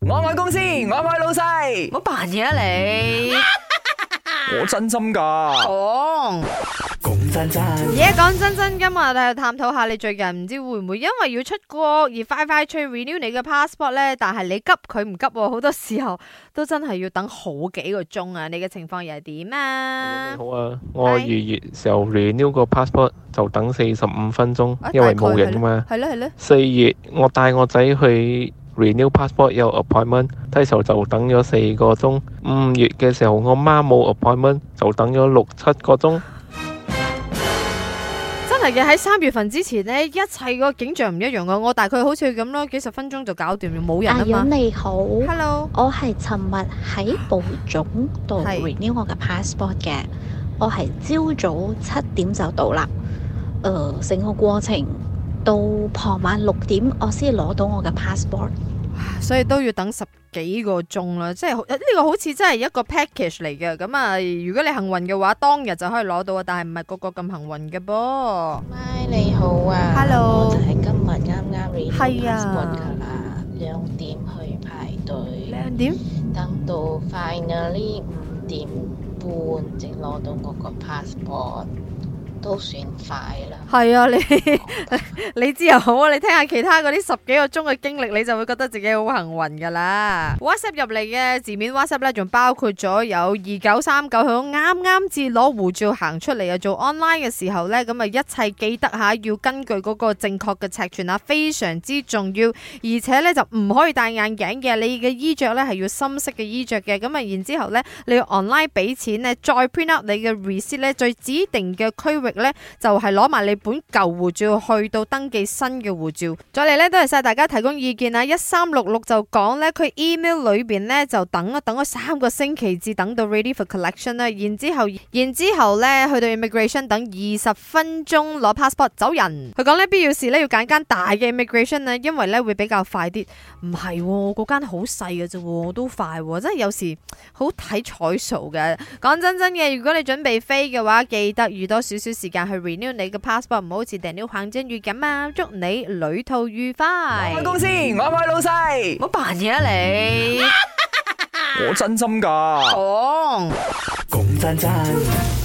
我愛公司，我愛老細。我扮嘢啊你！我真心噶講講真真而家講，yeah, 真真今日我哋探討下你最近唔知會唔會因為要出國而快快脆 renew 你嘅 passport 呢？但係你急佢唔急，好多時候都真係要等好幾個鐘啊！你嘅情況又係點啊？你好啊，我二月時候 renew 個 passport 就等四十五分鐘，啊，因為冇人啊嘛。係咧係咧。四月我帶我仔去。Renew passport 有 appointment，嗰時候就等咗四個鐘。五月嘅時候，我媽冇 appointment，就等咗六七個鐘。真係嘅，喺三月份之前呢，一切個景象唔一樣噶。我大概好似咁咯，幾十分鐘就搞掂，冇人啊嘛、哎、你好 Hello，Hello，我係尋日喺部總度 renew 我嘅 passport 嘅，我係朝早七點就到啦。誒、呃，成個過程到傍晚六點，我先攞到我嘅 passport。所以都要等十幾個鐘啦，即係呢個好似真係一個 package 嚟嘅，咁啊如果你幸運嘅話，當日就可以攞到啊，但係唔係個個咁幸運嘅噃。喂，你好啊，Hello，就係今日啱啱 release 啦，啊，兩點去排隊，兩點等到 finally 五點半即攞到嗰個 passport。都算快啦，係啊！你 你知後好啊！你聽下其他嗰啲十幾個鐘嘅經歷，你就會覺得自己好幸運噶啦。WhatsApp 入嚟嘅字面 WhatsApp 咧，仲包括咗有二九三九響啱啱至攞護照行出嚟啊，做 online 嘅時候咧，咁啊一切記得吓，要根據嗰個正確嘅尺寸啊，非常之重要。而且咧就唔可以戴眼鏡嘅，你嘅衣着咧係要深色嘅衣着嘅。咁啊然之後咧，你要 online 俾錢咧，再 print out 你嘅 receipt 咧，喺指定嘅區域。咧就係攞埋你本舊護照去到登記新嘅護照，再嚟咧多謝晒大家提供意見啊。一三六六就講咧，佢 email 裏邊咧就等啊等咗三個星期至等到 ready for collection 啦，然之後然之後咧去到 immigration 等二十分鐘攞 passport 走人。佢講咧必要時咧要揀間大嘅 immigration 呢，因為咧會比較快啲。唔係，哦，嗰間好細嘅啫，都快，哦，真係有時好睇彩數嘅。講真真嘅，如果你準備飛嘅話，記得預多少少。時間去 renew 你嘅 passport，唔好似 Daniel 咁啊！祝你旅途愉快。我公司，我開老細，冇扮嘢啊你！ 我真心噶。講講真真。公公等等